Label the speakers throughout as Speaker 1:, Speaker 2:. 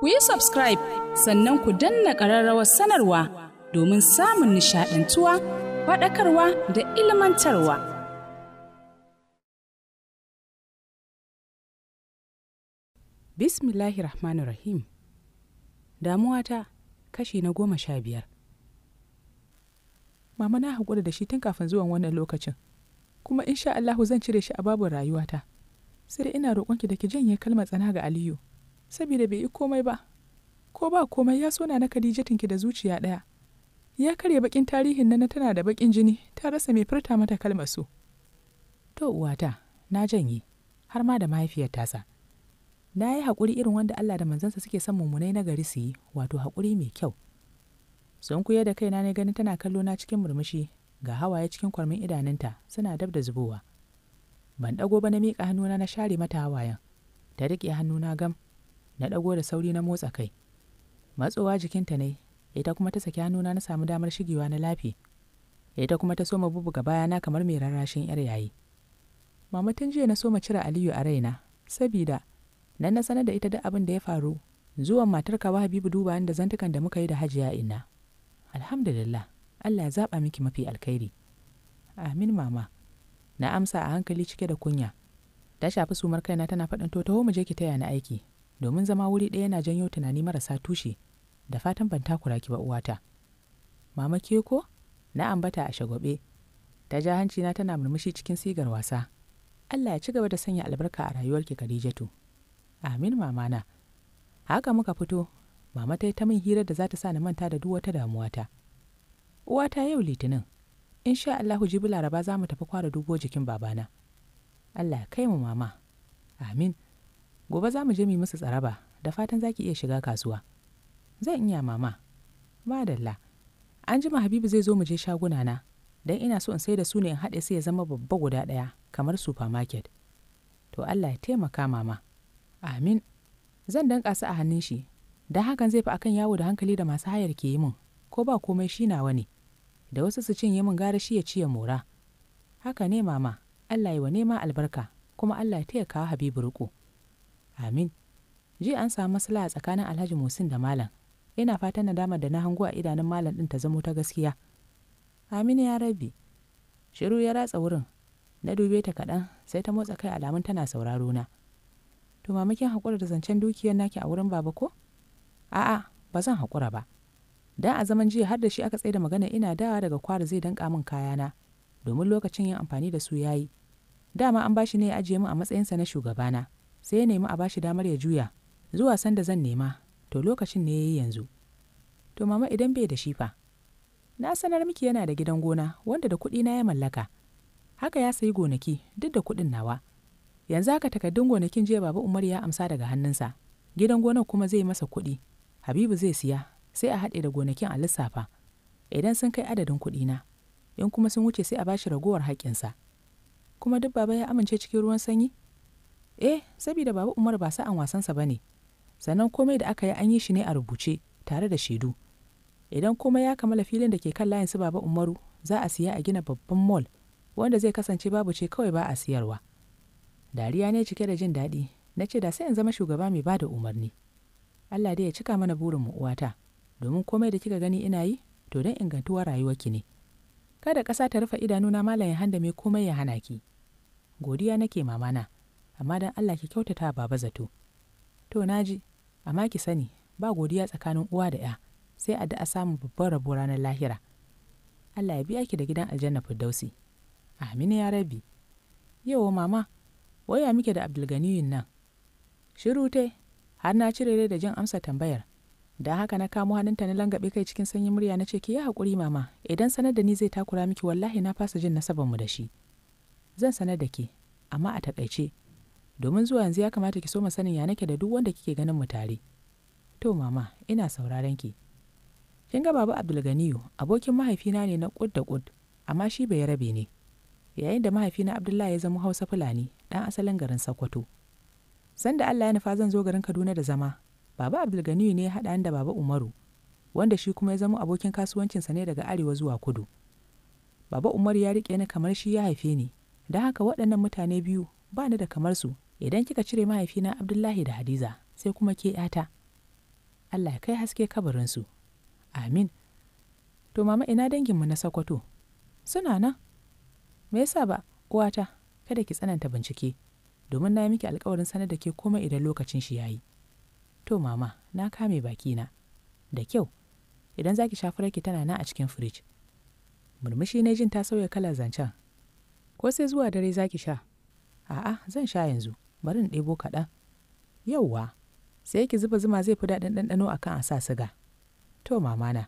Speaker 1: ku yi subscribe sannan ku danna ƙararrawar sanarwa domin samun nishaɗantuwa faɗakarwa da ilmantarwa. Bismillahir Rahmanir Rahim Damuwata kashi na goma sha biyar. Mama na haƙura da shi tun kafin zuwan wannan lokacin, kuma insha Allahu zan cire shi a babu rayuwata. Sai ina roƙonki da ki janye kalmar tsana ga Aliyu. saboda bai yi komai ba ko ba komai ya so na ki da zuciya ɗaya ya karya bakin tarihin nan tana da bakin jini ta rasa mai furta mata kalmar su to uwata na janye har ma da mahaifiyar tasa na yi haƙuri irin wanda Allah da manzansa suke son mummunai na gari su yi wato hakuri mai kyau sun kuya da kaina ne ganin tana kallo na cikin murmushi ga hawaye cikin kwarmin idanunta suna dab da zubowa ban ɗago ba na miƙa hannuna na share mata hawayen ta riƙe hannuna gam na ɗago da sauri na motsa kai matsowa jikinta ne ita kuma ta saki hannuna na samu damar shigewa na lafi ita kuma ta soma ga bayana kamar mai rarrashin yar yayi mama tun jiya na soma cire aliyu a raina sabida nan na sanar da ita duk abin da ya faru zuwan matar kawa habibu duba da zantukan da muka yi da hajiya inna alhamdulillah allah ya zaɓa miki mafi alkhairi amin mama na amsa a hankali cike da kunya ta shafi sumar kaina tana faɗin to taho mu je ki taya na aiki domin zama wuri ɗaya yana janyo tunani marasa tushe da fatan ban takura ki ba uwata mama ke ko na ambata a shagwabe ta ja hanci na tana murmushi cikin sigar wasa Allah ya ci gaba da sanya albarka a rayuwarki Khadijatu amin mamana haka muka fito mama ta yi ta min hirar da za ta sa ni manta da duk wata damuwata uwata yau litinin in sha Allahu jibi laraba za mu tafi kwara dubo jikin babana Allah ya kai mu mama amin gobe za mu je mu musu tsaraba da fatan za ki iya shiga kasuwa zan iya mama madalla an jima habibu zai zo mu je shaguna na dan ina so in sai da su ne in haɗe su ya zama babba guda ɗaya kamar supermarket to allah ya taimaka mama amin zan danƙa su a hannun shi dan hakan zai fi akan yawo da hankali da masu hayar ke yi min ko ba komai shi na wani? da wasu su cinye min gara shi ya ciye mora haka ne mama allah yi wa nema albarka kuma allah ya taya kawo habibu riko Amin. Ji an samu maslaha tsakanin Alhaji Musin da Malam. Ina fatan nadamar da na hango a idanun Malam ɗin ta zamo ta gaskiya. Amin ya rabi. Shiru ya ratsa wurin. Na dube ta kaɗan sai ta motsa kai alamun tana sauraro na. To mamakin haƙura da zancen dukiyar naki a wurin baba ko? A'a, ba zan haƙura ba. Da a zaman jiya har da shi aka tsaye da magana ina dawa daga kwara zai danƙa min kayana domin lokacin yin amfani da su yayi. Dama an bashi ne ya ajiye min a matsayinsa na shugabana. sai ya nemi a bashi damar ya juya zuwa sanda zan nema to lokacin ne ya yi yanzu to mama idan bai da shi fa na sanar miki yana da gidan gona wanda da kuɗi na ya mallaka haka ya sayi gonaki duk da kuɗin nawa yanzu haka takaddun gonakin jiya baba umar ya amsa daga hannunsa gidan gonar kuma zai masa kuɗi habibu zai siya sai a haɗe da gonakin a lissafa idan sun kai adadin kuɗi na in kuma sun wuce sai a bashi ragowar haƙƙinsa kuma duk baba ya amince cikin ruwan sanyi eh saboda baba umar ba sa'an wasansa ba ne sannan komai da aka yi an yi shi ne a rubuce tare da shaidu idan komai ya kammala filin da ke kan layin su baba umaru za a siya a gina babban mall wanda zai kasance babu ce kawai ba a siyarwa dariya ne cike da jin daɗi na ce da sai in zama shugaba mai ba da umarni allah dai ya cika mana burin mu uwata domin komai da kika gani ina yi to don ingantuwar rayuwarki ne kada ƙasa ta rufe na malayin handa mai komai ya hana ki godiya nake mamana amma dan Allah ki kyautata baba zato to na ji amma ki sani ba godiya tsakanin uwa da ya sai a da'a samun babban rabo ranar lahira Allah ya biya ki da gidan aljanna firdausi amina ya rabi yau mama waya muke da abdulganiyun nan shiru te, har na cire da jin amsa tambayar da haka na kamo hannunta na langabe kai cikin sanyin murya na ce ki yi haƙuri mama idan sanar da ni zai takura miki wallahi na fasa jin nasabanmu da shi zan sanar da ke amma a taƙaice domin zuwa yanzu ya kamata ki so sanin ya nake da duk wanda kike ganin mu tare to mama ina sauraron ki kin ga baba abdulganiyu abokin mahaifina ne na kud da kud amma shi bai rabe ne yayin da mahaifina abdullahi ya zama hausa fulani dan asalin garin sokoto da allah ya nufa zan zo garin kaduna da zama baba abdulganiyu ne ya haɗa da baba umaru wanda shi kuma ya zama abokin kasuwancin sa ne daga arewa zuwa kudu baba umaru ya riƙe ni kamar shi ya haife ni don haka waɗannan mutane biyu ba ni da kamar su idan kika cire mahaifina abdullahi da hadiza sai kuma ke yata allah ya kai haske kabarinsu amin to mama ina danginmu na sakwato suna nan me yasa ba uwata kada ki tsananta bincike domin na yi miki alkawarin sanar da ke komai idan lokacin shi yayi to mama na kame bakina da kyau idan za ki shafararki tana na a cikin firij murmushi ne jin ta sauya kalar zancen ko sai zuwa dare za ki sha a'a zan sha yanzu bari ɗebo kaɗan yauwa sai ki zuba zuma zai fi daɗin ɗanɗano a kan a sa siga to mamana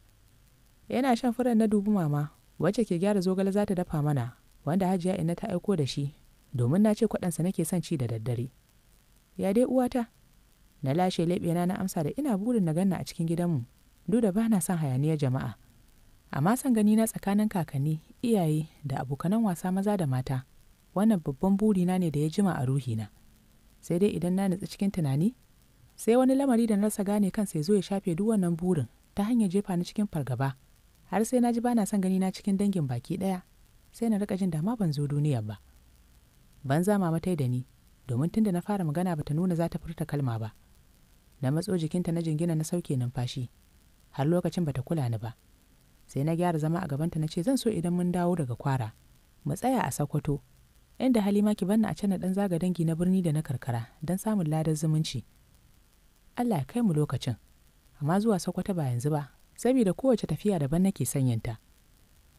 Speaker 1: yana shan furen na dubu mama wacce ke gyara zogale za ta dafa mana wanda hajiya ina ta aiko da shi domin na ce kwaɗansa nake son ci da daddare ya dai uwata na lashe leɓena na amsa da ina burin na ganna a cikin gidanmu duk da ba na son hayaniyar jama'a amma san gani na tsakanin kakanni iyaye da abokanan wasa maza da mata wannan babban burina ne da ya jima a ruhina sai dai idan na nutsu cikin tunani sai wani lamari da na rasa gane kansa ya zo ya shafe duk wannan burin ta hanyar jefa ni cikin fargaba har sai na ji bana son gani na cikin dangin baki daya. sai na rika jin dama ban zo duniya ba banza mama tai da ni domin tunda na fara magana bata nuna za ta furta kalma ba na matso jikinta na jingina na sauke numfashi har lokacin bata kula ni ba sai na gyara zama a gabanta na ce zan so idan mun dawo daga kwara mu tsaya a sakwato inda halima ki banna a can dan zaga dangi na birni da na karkara don samun ladar zumunci allah ya kai mu lokacin amma zuwa sokoto ba yanzu ba saboda kowace tafiya daban nake sanyanta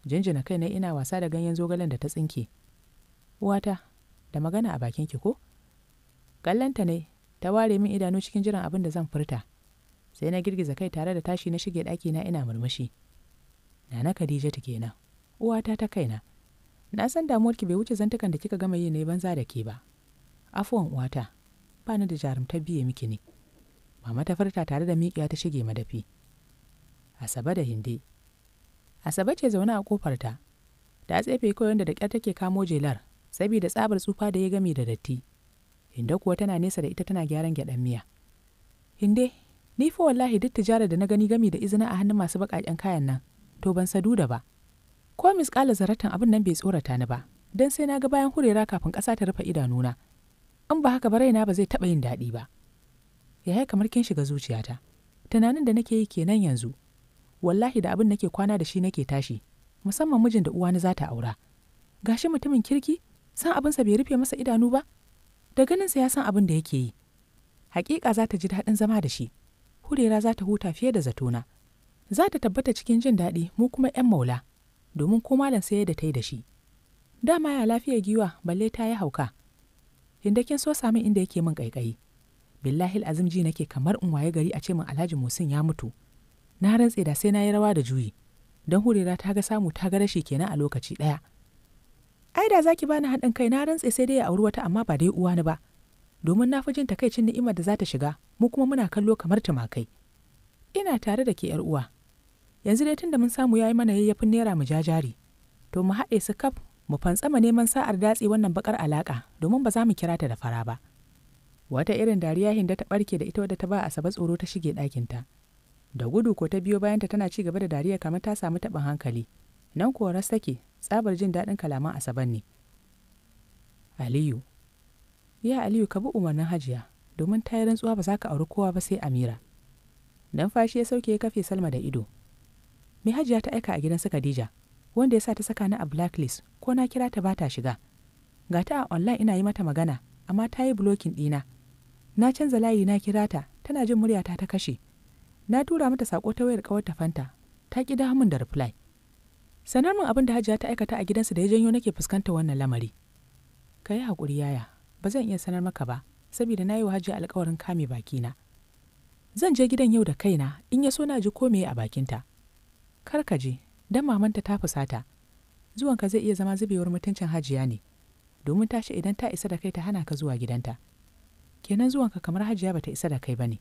Speaker 1: jinjina kai na ina wasa da ganyen zogalen da ta tsinke uwata da magana a bakin ki ko kallanta ne ta ware min idanu cikin jiran abin da zan furta sai na girgiza kai tare da tashi na shige daki na ina murmushi nana Khadija ta kenan uwata ta kaina na san damuwar ki bai wuce zantakan da kika gama yi ne banza da ke ba afuwan uwata ba ni da jarumtar biye miki ne mama ta farta tare da miƙiya ta shige madafi asabe da hinde asabe ce zaune a ta. Ta tsefe kawai da da kyar take kamo jelar saboda tsabar tsufa da ya gami da datti hinde kuwa tana nesa da ita tana gyaran gyaɗan miya hinde ni fa wallahi duk tijara da na gani gami da izina a hannun masu baƙaƙen kayan nan to ban sadu da ba ko misƙala zaratan abin nan bai tsorata ni ba don sai na ga bayan hurera kafin ƙasa ta rufe idanuna in ba haka ba raina ba zai taɓa yin daɗi ba yaya kamar kin shiga zuciyata tunanin da nake yi kenan yanzu wallahi da abin nake kwana da shi nake tashi musamman mijin da uwani za ta aura gashi mutumin kirki san abinsa bai rufe masa idanu ba da ganinsa ya san abin da yake yi haƙiƙa za ta ji daɗin zama da shi hurera za ta huta fiye da zatona za ta tabbata cikin jin daɗi mu kuma 'yan maula domin ko malam sai da ta yi da shi dama ya lafiyar giwa balle ta yi hauka inda kin so sami inda yake min ƙaiƙayi billahi azim ji nake kamar in waye gari a ce min alhaji musin ya mutu na rantse da sai na yi rawa da juyi don hurera ta ga samu ta ga rashi kenan a lokaci ɗaya ai da zaki bani haɗin kai na rantse sai dai ya auri wata amma ba dai uwa ni ba domin na fi jin takaicin ni'imar da za ta shiga mu kuma muna kallo kamar tumakai ina tare da ke yar uwa yanzu dai tunda mun samu ya yi mana yayyafin naira mu jajari to mu haɗe su kaf mu fantsama neman sa'ar datse wannan bakar alaƙa domin ba za mu kira ta da fara ba wata irin dariya hinda ta ɓarke da ita wadda ta ba asabe tsoro ta shige ɗakin ta da gudu ko ta biyo bayanta tana ci gaba da dariya kamar ta samu taɓin hankali nan kuwa ras take tsabar jin daɗin kalaman asaban ne aliyu ya aliyu ka bi umarnin hajiya domin ta yi rantsuwa ba za ka auri kowa ba sai amira fashi ya sauke ya kafe salma da ido me hajiya ta aika a gidan su khadija wanda ya sa ta saka ni a blacklist ko na kira ta bata shiga ga ta a online ina yi mata magana amma ta yi blocking ɗina na canza layi na kira ta tana jin muryata ta kashe na tura mata sako ta wayar kawar ta fanta ta ki da da reply sanar min abin da hajiya ta aikata a gidansu da ya janyo nake fuskanta wannan lamari ka yi haƙuri yaya ba zan iya sanar maka ba saboda na yi wa hajiya alkawarin kame bakina zan je gidan yau da kaina in ya so na ji ko me a bakinta kar ka je don mamanta ta fusata zuwanka zai iya zama zubewar mutuncin hajiya ne domin ta idan ta isa da kai ta hana ka zuwa gidanta kenan zuwanka kamar hajiya bata isa da kai bane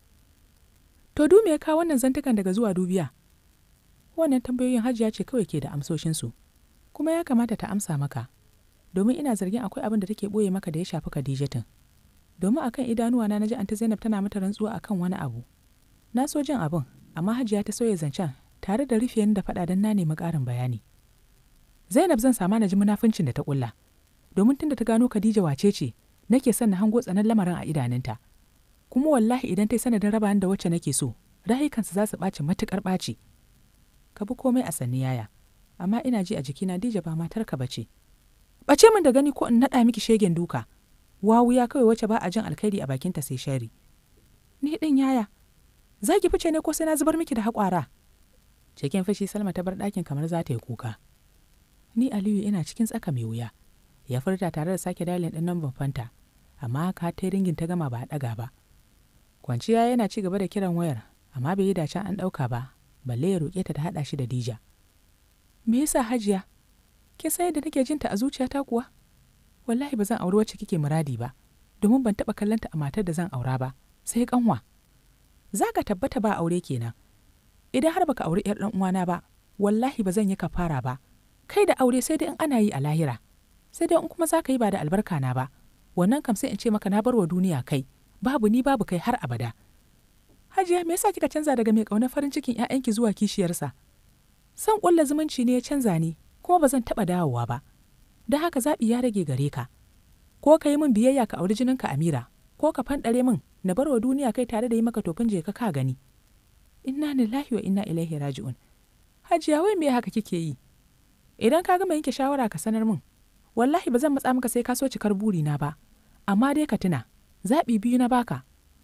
Speaker 1: to du me ya kawo wannan zantukan daga zuwa dubiya wannan tambayoyin hajiya ce kawai ke da amsoshinsu kuma ya kamata ta amsa maka domin ina zargin akwai abin da take boye maka da ya shafi kadijatin domin akan idanuwa na naji anta zainab tana mata rantsuwa akan wani abu na so jin abin amma hajiya ta sauya zancen tare da rufe da faɗa don na nemi ƙarin bayani zainab zan sama na ji munafincin da ta ƙulla domin tunda ta gano khadija wace ce nake son na hango tsanan lamarin a idanunta kuma wallahi idan ta yi sanadin raba da wacce nake so rayukansu za su ɓaci matuƙar ɓaci ka bi komai a sanni yaya amma ina ji a jiki na dija ba matarka ba ce Bace min da gani ko in naɗa miki shegen duka wawu ya kawai wacce ba a jin alkhairi a bakinta sai shari ni ɗin yaya za ki fice ne ko sai na zubar miki da haƙwara cikin fashi salma ta bar ɗakin kamar za ta yi kuka ni aliyu ina cikin tsaka mai wuya ya furta tare da sake dalin ɗin lambar fanta amma ka ta ringin ta gama ba a ɗaga ba kwanciya yana ci gaba da kiran wayar amma bai yi dacen an ɗauka ba balle ya roƙe ta ta haɗa shi da dija me yasa hajiya ke sai yadda nake jinta a zuciyata kuwa wallahi ba zan auri wacce kike muradi ba domin ban taɓa kallonta a matar da zan aura ba sai kanwa za ka tabbata ba aure kenan idan har baka auri 'yar 'dan uwana ba wallahi ba zan yi kafara ba kai da aure sai dai in ana yi a lahira sai dai in kuma za ka yi ba da albarka na ba wannan kam sai in ce maka na bar wa duniya kai babu ni babu kai har abada hajiya me yasa kika canza daga mai ƙaunar farin cikin 'ya'yanki zuwa kishiyarsa san ƙulla zumunci ne ya canza ni kuma ba zan taɓa dawowa ba da haka zabi ya rage gare ka ko ka yi min biyayya ka auri jininka amira ko ka fanɗare min na barwa duniya kai tare da yi maka tofin je ka ka gani inna lillahi wa inna ilaihi raji'un hajiya wai me haka kike yi idan ka gama yanke shawara ka sanar min wallahi ba zan matsa maka sai ka so cikar na ba amma dai ka tuna zaɓi biyu na baka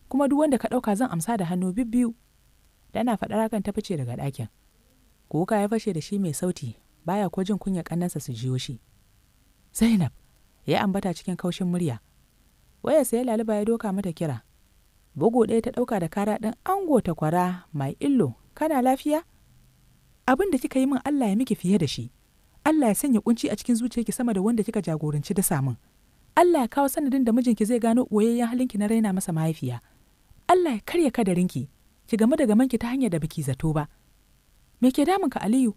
Speaker 1: kuma duk wanda ka ɗauka zan amsa da hannu bibbiyu tana faɗar hakan ta fice daga ɗakin kuka ya fashe da shi mai sauti baya ko jin kunya ƙannansa su jiyo shi zainab ya ambata cikin kaushin murya Wai ya laluba ya doka mata kira bugu ɗaya ta ɗauka da kara ɗin ango ta kwara mai illo kana lafiya abin da kika yi min allah ya miki fiye da shi allah ya sanya kunci a cikin zuciyarki sama da wanda kika jagoranci da samun allah ya kawo sanadin da mijinki zai gano ɓoyayyen halinki na raina masa mahaifiya allah ya karya kadarinki ki game da gamanki ta hanyar da biki zato ba me ke damun ka aliyu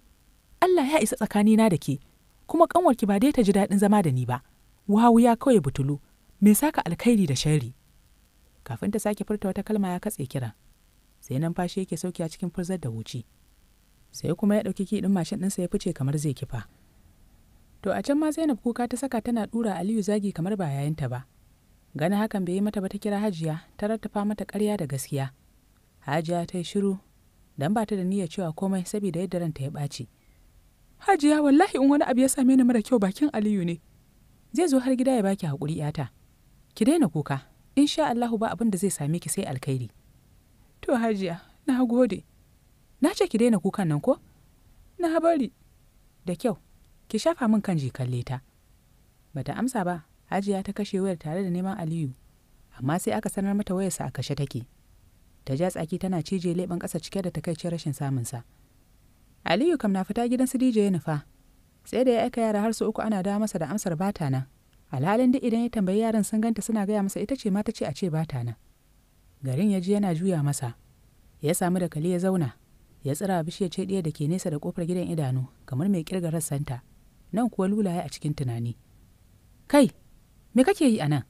Speaker 1: allah ya isa tsakanina da ke kuma kanwarki ba dai ta ji daɗin zama da ni ba wawu ya kawai butulu me saka alkhairi da sharri kafin ta sake furta wata kalma ya katse kiran sai numfashi yake sauki a cikin furzar da wuci sai kuma ya ɗauki kiɗin mashin ɗinsa ya fice kamar zai kifa to a can ma zainab kuka ta saka tana ɗura aliyu zagi kamar ba yayinta ba Gani hakan bai yi mata ba ta kira hajiya ta rattafa mata ƙarya da gaskiya hajiya ta yi shiru dan ba ta da niyyar cewa komai saboda yadda ranta ya ɓaci hajiya wallahi in wani abu ya same ni mara kyau bakin aliyu ne zai zo har gida ya baki haƙuri yata ki daina kuka in sha Allahu ba abin da zai same ki sai alkhairi to hajiya na gode na ce ki daina kukan nan ko na bari da kyau ki shafa min kan jikalle ta bata amsa ba hajiya ta kashe wayar tare da neman aliyu amma sai aka sanar mata wayarsa a kashe take ta ja tsaki tana cije leɓen ƙasa cike da takaicin rashin samunsa aliyu kam na fita gidan su dj ya nufa sai da ya aika yara har su uku ana dawo masa da amsar bata nan alhalin duk idan ya tambayi yaran sun ganta suna gaya masa ita ce ma ta ce a ce bata nan garin ya ji yana juya masa ya samu da kali ya zauna ya tsira bishiya ce ɗaya da ke nesa da kofar gidan idanu kamar mai kirga rassanta nan kuwa ya a cikin tunani kai me kake yi a nan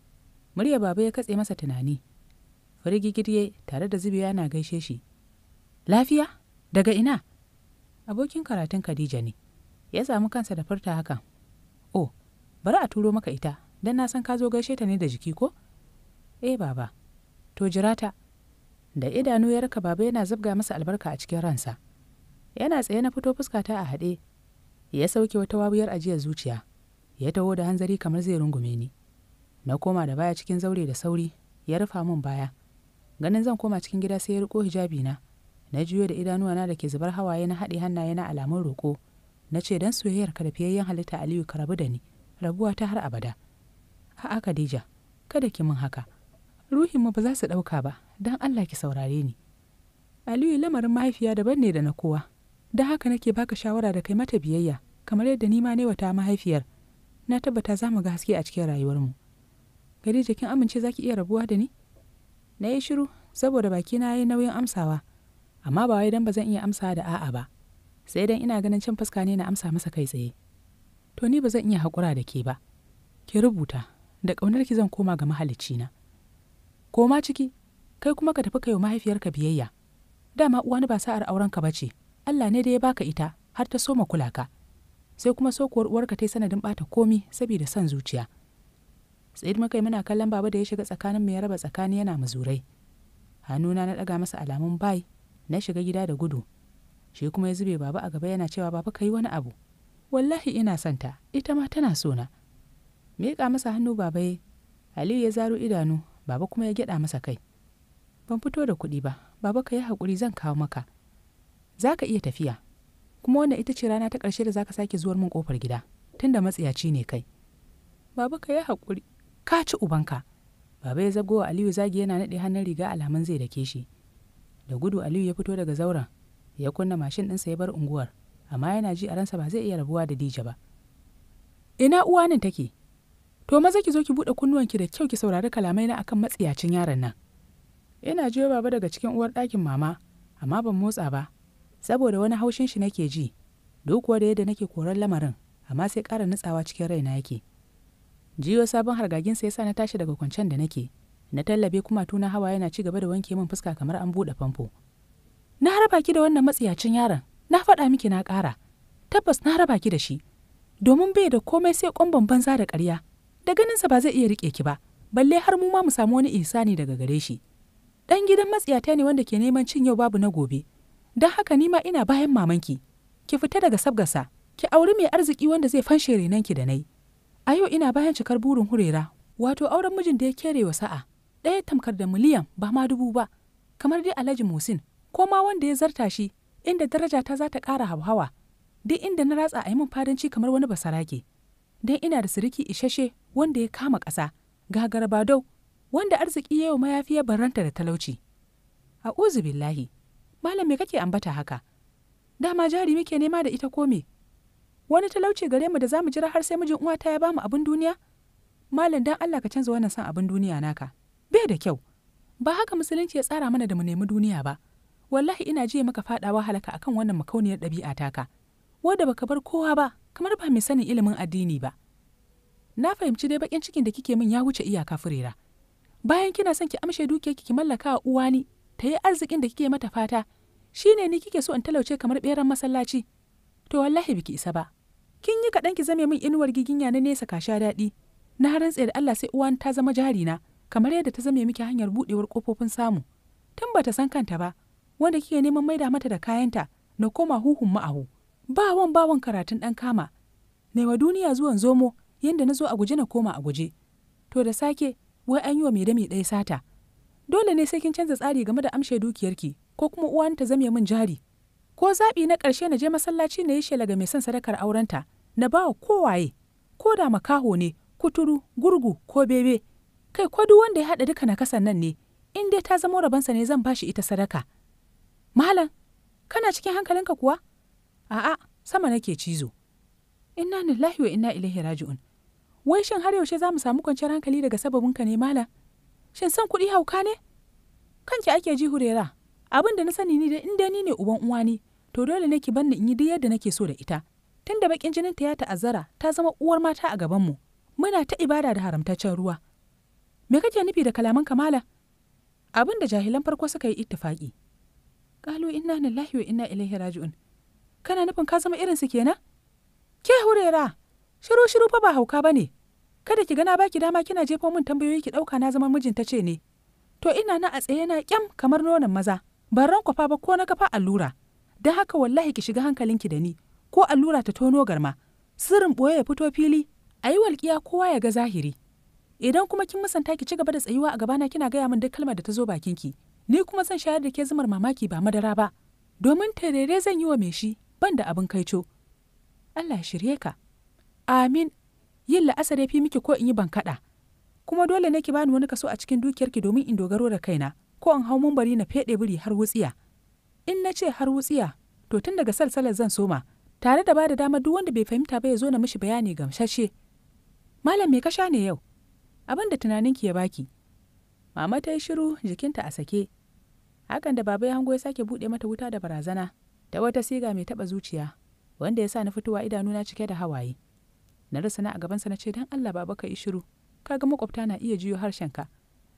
Speaker 1: murya baba ya katse masa tunani firgigirye tare da zubewa yana gaishe shi lafiya daga ina abokin karatun khadija ne ya samu kansa da furta hakan oh bari a turo maka ita don na san ka zo gaishe ta ne da jiki ko eh baba to jira ta da idanu ya raka baba yana zubga masa albarka a cikin ransa yana tsaye na fito fuska ta a haɗe ya sauke wata wawuyar ajiyar zuciya ya taho da hanzari kamar zai rungume ni na koma da baya cikin zaure da sauri ya rufa min baya ganin zan koma cikin gida sai ya riko hijabi na na juyo da idanuwa na da ke zubar hawaye na haɗe hannaye na alamun roƙo na ce don soyayyar ka da fiyayyen halitta aliyu ka rabu da ni rabuwa ta har abada a'a Khadija kada ki min haka ruhinmu ba za su ɗauka ba don Allah ki saurare ni Aliyu lamarin mahaifiya daban ne da na kowa don haka nake baka shawara da kai mata biyayya kamar yadda ni ma ne wata mahaifiyar na tabbata za mu ga haske a cikin rayuwarmu Khadija kin amince za ki iya rabuwa da ni na yi shiru saboda bakina ya yi nauyin amsawa amma ba wai don ba zan iya amsa da a'a ba sai dan ina ganin can fuska ne na amsa masa kai tsaye to ni ba zan iya haƙura da ke ba ki rubuta da ƙaunar ki zan koma ga mahalicci na. koma ciki kai kuma ka tafi kai wa mahaifiyarka biyayya dama uwani ba sa'ar aurenka ba ce Allah ne da ya baka ita har ta soma kula ka sai kuma sokuwar uwarka ta yi sanadin bata komi saboda son zuciya tsaye muka muna kallon baba da ya shiga tsakanin mai raba tsakani yana mazurai hannuna na ɗaga masa alamun bai na shiga gida da gudu shi kuma ya zube baba a gaba yana cewa baba ka yi wani abu wallahi ina son ta ita ma tana sona miƙa masa hannu baba ya aliyu ya zaro idanu baba kuma ya gyada masa kai ban fito da kuɗi ba baba ka yi haƙuri zan kawo maka za ka iya tafiya kuma wannan ita ce rana ta ƙarshe da za ka sake zuwar min ƙofar gida tunda matsiyaci ne kai baba ka yi haƙuri ka ci ubanka baba ya zago wa aliyu zagi yana naɗe hannun riga alhamin zai dake shi da gudu aliyu ya fito daga zauren ya kunna mashin ɗinsa ya bar unguwar amma yana ji a ransa ba zai iya rabuwa da dija ba ina uwa nan take to maza ki zo ki buɗe kunnuwanki da kyau ki saurari kalamai na akan matsiyacin yaron nan ina jiyo baba daga cikin uwar ɗakin mama amma ban motsa ba saboda wani haushin shi nake ji duk da yadda nake koran lamarin amma sai ƙara nutsawa cikin raina yake jiyo sabon hargaginsa ya sa na tashi daga kwancen da nake na tallabe kuma tuna hawa yana ci gaba da wanke min fuska kamar an buɗe famfo na harba ki da wannan matsiyacin yaron na faɗa miki na ƙara tabbas na raba ki da shi domin bai da komai sai ƙwamban banza da ƙarya da ganinsa ba zai iya riƙe ki ba balle har mu ma mu samu wani ihsani daga gare shi ɗan gidan matsiyata ne wanda ke neman cin yau babu na gobe don haka ni ma ina bayan mamanki ki fita daga sabgasa ki auri mai arziki wanda zai fanshe renanki da nai a yau ina bayan cikar burin hurera wato auren mijin da ya kere wa sa'a ɗaya tamkar da miliyan ba ma dubu ba kamar dai alhaji musin ko ma wanda ya zarta shi inda daraja ta za ta ƙara hauhawa duk inda na ratsa a yi min fadanci kamar wani basarake don ina da siriki isasshe wanda ya kama ƙasa ga dau wanda arziki yau mayafi ya barranta da talauci a uzu malam me kake ambata haka dama jari muke nema da ita ko me wani talauci gare mu da zamu jira har sai mijin uwata ya ba mu abin duniya malam dan Allah ka canza wannan san abin duniya naka bai da kyau ba haka musulunci ya tsara mana da mu nemi duniya ba wallahi ina jiya maka faɗawa halaka akan wannan makauniyar ɗabi'a taka wadda baka bar kowa ba kamar ba mai sanin ilimin addini ba na fahimci dai bakin cikin da kike min ya wuce iyaka furera bayan kina son ki amshe dukiyar ki mallaka wa uwa ni ta yi arzikin da kike mata fata shine ni kike so in talauce kamar beran masallaci to wallahi biki isa ba kin yi kaɗan ki zame min inuwar giginya na nesa ka sha daɗi na har rantse da Allah sai uwan ta zama jarina kamar yadda ta zame miki hanyar buɗewar ƙofofin samu tun bata san kanta ba wanda kike neman maida mata da kayanta na koma huhun ma'ahu bawan bawan karatun dan kama ne wa duniya zuwan zomo yanda na zo a guje na koma a guje to da sake wai an yi wa mai dami ɗaya sata dole ne sai kin canza tsari game da amshe dukiyarki ko kuma uwan ta zame min jari ko zaɓi na ƙarshe na je masallaci na yi shelaga mai son sadakar aurenta na ba wa kowaye ko da makaho ne kuturu gurgu ko bebe kai ko wanda ya haɗa duka na kasan nan ne in dai ta zamo rabansa ne zan ba shi ita sadaka malam kana cikin hankalinka kuwa a'a sama nake cizo inna lillahi wa inna ilaihi raji'un wai shin har yaushe za mu samu kwanciyar hankali daga ka ne malam shin san kuɗi hauka ne kanki ake ji hurera abin da na sani ni da in dai ni ne uban uwa ne to dole ne ki banni in yi duk yadda nake so da ita tun da bakin jinin ta ya ta'azzara ta zama uwar mata a gaban mu muna ta ibada da haramtaccen ruwa me kake nufi da kalaman kamala abin da jahilan farko suka yi ittifaki kalu inna lillahi wa inna ilaihi raji'un. Kana nufin ka zama irinsu kenan? Ke hurera, shiru shiru fa ba hauka ba ne. Kada ki gana baki dama kina jefo min tambayoyi ki ɗauka na zama mijinta ce ne. To ina na a tsaye na kyam kamar nonon maza, ban rankwafa ba ko na kafa allura. Don haka wallahi ki shiga hankalinki da ni, ko allura ta tono garma. Sirrin ɓoye ya fito fili, a yi walƙiya kowa ya ga zahiri. Idan kuma kin musanta ki ci gaba da tsayuwa a gabana kina gaya min duk kalmar da ta zo bakinki, ni kuma zan shayar da ke zumar mamaki ba madara ba domin tarere zan yi wa mai shi ban da abin kaico Allah shirye ka amin yin la'asar ya fi miki ko in yi ban kaɗa kuma dole ne ki bani wani kaso a cikin dukiyarki domin in dogaro da kaina ko in hau mumbari na feɗe biri har wutsiya in na ce har wutsiya to tun daga salsalar zan soma tare da ba da dama duk wanda bai fahimta ba ya zo na mishi bayani gamsashe malam me ka sha ne yau abin da tunaninki ya baki mama ta yi shiru jikinta a sake hakan da baba ya hango ya sake buɗe mata wuta da barazana da wata siga mai taɓa zuciya wanda ya sa na fitowa idanuna cike da hawaye na rasa na a gabansa na ce don allah baba ka yi shiru ka ga makwabta na iya jiyo harshenka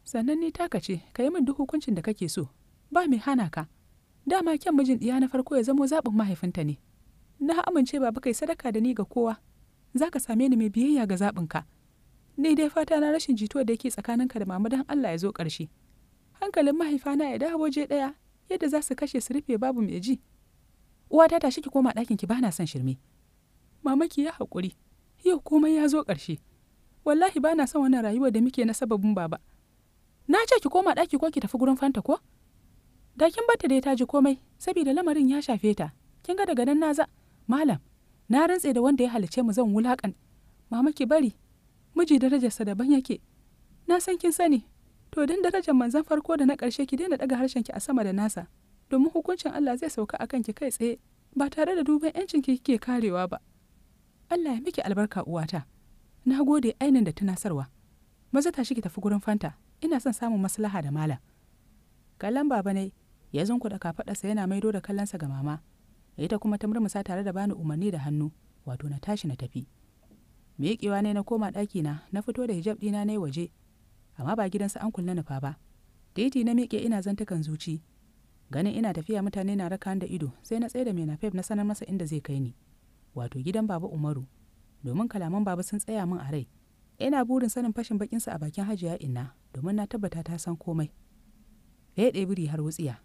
Speaker 1: sannan ni taka ce ka yi min duk hukuncin da kake so ba mai hana ka dama kyan mijin ɗiya na farko ya zamo zaɓin mahaifinta ne na amince baba yi sadaka da ni ga kowa za ka same ni mai biyayya ga zaɓinka ni dai fata na rashin jituwa da yake tsakaninka da mama don Allah ya zo ƙarshe hankalin mahaifana ya dawo je ɗaya yadda za su kashe su rufe babu mai ji uwata tashi ki koma ɗakin ki bana son shirme mama ki ya haƙuri yau komai ya zo ƙarshe wallahi bana son wannan rayuwa da muke na sababin baba na ce ki koma ɗaki ko ki tafi gurin fanta ko dakin batta bata da ta ji komai saboda lamarin ya shafe ta kin ga daga nan za malam na rantse da wanda ya halice mu zan wulakan mama ki bari miji darajarsa daban yake na san kin sani to don darajar manzan farko da na ƙarshe ki daina daga harshenki a sama da nasa domin hukuncin Allah zai sauka a ki kai tsaye ba tare da duban 'yancin ki kike karewa ba Allah ya miki albarka uwata na gode ainin da tunasarwa maza shi ki tafi gurin fanta ina son samun maslaha da malam kallon baba ne ya zunku da kafaɗarsa yana maido da kallonsa ga mama ita kuma ta murmusa tare da bani umarni da hannu wato na tashi na tafi miƙewa ne na koma ɗakina na fito da hijab ɗina na waje amma ba su an kulle nufa ba daidai na miƙe ina zantakan zuci ganin ina tafiya mutane na raka da ido sai na tsaye da mai nafef na sanar masa inda zai kai ni wato gidan baba umaru domin kalaman baba sun tsaya min a rai ina burin sanin fashin bakinsa a bakin hajiya inna domin na tabbata ta san komai ɗaya ɗaya biri har wutsiya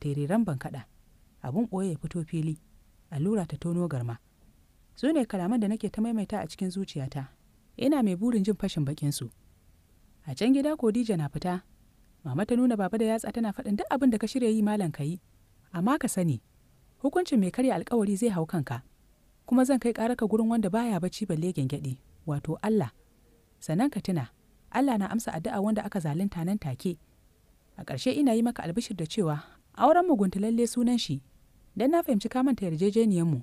Speaker 1: tereren ban kaɗa abun ɓoye ya fito fili allura ta tono garma su ne kalaman da nake ta maimaita a cikin zuciyata ina mai burin jin fashin bakin su a can gida kodija na fita mama ta nuna baba da yatsa tana faɗin duk abin da ka shirya yi malam ka yi amma ka sani hukuncin mai karya alkawari zai hau kanka kuma zan kai ka gurin wanda baya bacci balle gyangyaɗi wato Allah sannan ka tuna Allah na amsa addu'a wanda aka zalunta nan take a ƙarshe ina yi maka albishir da cewa auren lalle sunan shi dan na fahimci ka manta yarjejeniyar mu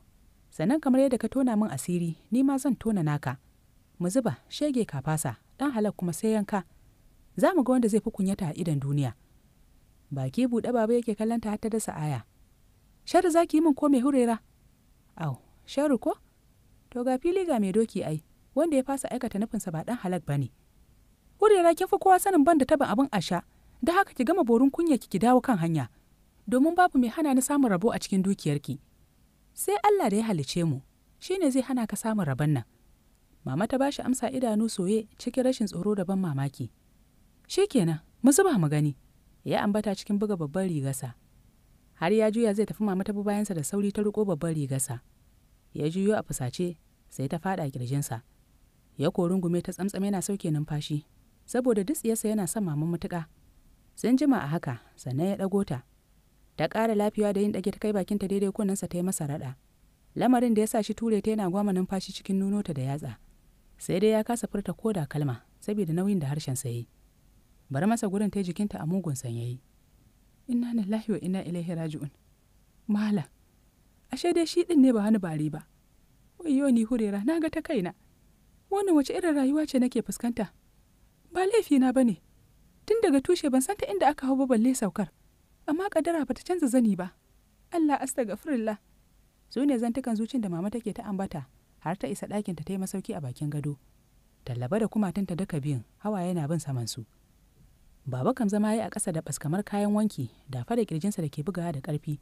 Speaker 1: sannan kamar yadda ka tona min asiri ni ma zan tona naka mu zuba shege ka fasa dan halak kuma sai yanka za mu ga wanda zai fi kunyata a idan duniya baki buɗe baba yake kallon ta har ta dasa aya sharu za ki yi min ko mai hurera au sharu ko to ga fili ga mai doki ai wanda ya fasa aikata nufinsa ba dan halak ba ne hurera kin fi kowa sanin ban da taɓa abin a sha da haka ki gama borin kunya ki dawo kan hanya domin babu mai hana ni samun rabo a cikin dukiyarki sai Allah da ya halice mu shi ne zai hana ka samun rabon nan mama ta bashi amsa idanu soye cikin rashin tsoro da ban mamaki kenan, mu zuba mu gani ya ambata cikin buga babban rigasa. har ya juya zai tafi mama ta bi bayansa da sauri ta riko babban rigasa. ya juyo a fusace sai ta fada kirjinsa ya rungume ta tsamtsam yana sauke numfashi saboda dutsiyarsa yana son maman matuƙa sun jima a haka sannan ya ɗago ta ta ƙara lafiya da yin ɗage ta kai bakinta daidai kunnensa ta yi masa raɗa lamarin da ya sa shi ture ta yana gwama numfashi cikin nunota da yatsa sai dai ya kasa furta ko da kalma saboda nauyin da harshen sa yi bari masa gurin ta jikinta a mugun sanyayi inna lillahi wa inna ilaihi raji'un mala ashe dai shi ɗin ne ba hani bari ba wayyo ni hurera na ga ta kaina wannan wace irin rayuwa ce nake fuskanta ba laifi na ne. tun daga tushe ban santa inda aka hau ba balle saukar amma kadara bata canza zani ba Allah astagfirullah su ne zantukan zucin da mama take ta ambata har ta isa ɗakin ta yi masauki a bakin gado tallaba da kumatanta duka biyun hawa yana bin saman su baba kam zama ya a ƙasa da baskamar kayan wanki da fa da kirjinsa da ke bugawa da ƙarfi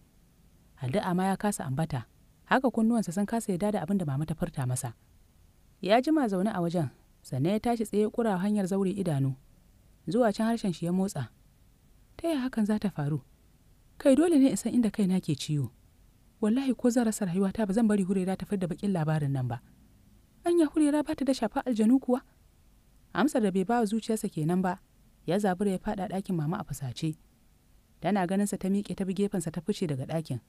Speaker 1: addu'a ma ya kasa ambata haka kunnuwansa sun kasa ya da abin da mama ta furta masa ya jima zaune a wajen sannan ya tashi tsaye kura hanyar zaure idanu zuwa can harshen shi ya motsa ta yaya hakan za ta faru kai dole ne in san inda kaina ke ciwo wallahi ko zan rasa rayuwata ba zan bari hurera ta da bakin labarin nan ba anya hurera ba ta da shafa aljanu kuwa amsar da bai ba zuciyarsa kenan ba ya zabura ya faɗa ɗakin mama a fasace tana ganin sa ta miƙe ta bi gefensa ta fice daga ɗakin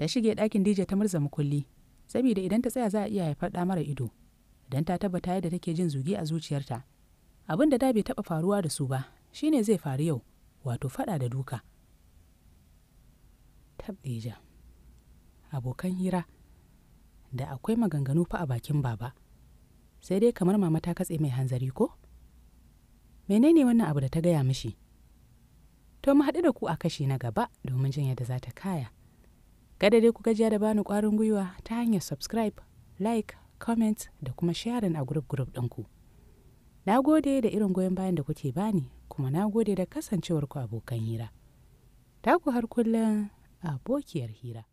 Speaker 1: ta shige ɗakin dije ta murza mukulli saboda idan ta tsaya za a iya haifar ɗa mara ido idan ta tabbata yadda take jin zugi a zuciyarta abin da da bai taɓa faruwa da su ba shine zai faru yau wato faɗa da duka Habdija, abokan hira, da akwai maganganu fa a bakin baba, sai dai kamar mama ta katse mai hanzari ko? Menene wannan abu da ta gaya mishi? To mu haɗu da ku a kashi na gaba domin jin yadda za ta kaya. Kada dai ku gajiya da bani ƙwarin gwiwa ta hanyar subscribe, like, comment da kuma sharing a group group ɗinku. Na gode da irin goyon bayan da kuke bani kuma na gode da kasancewarku abokan hira. Ta ku har kullum a here hira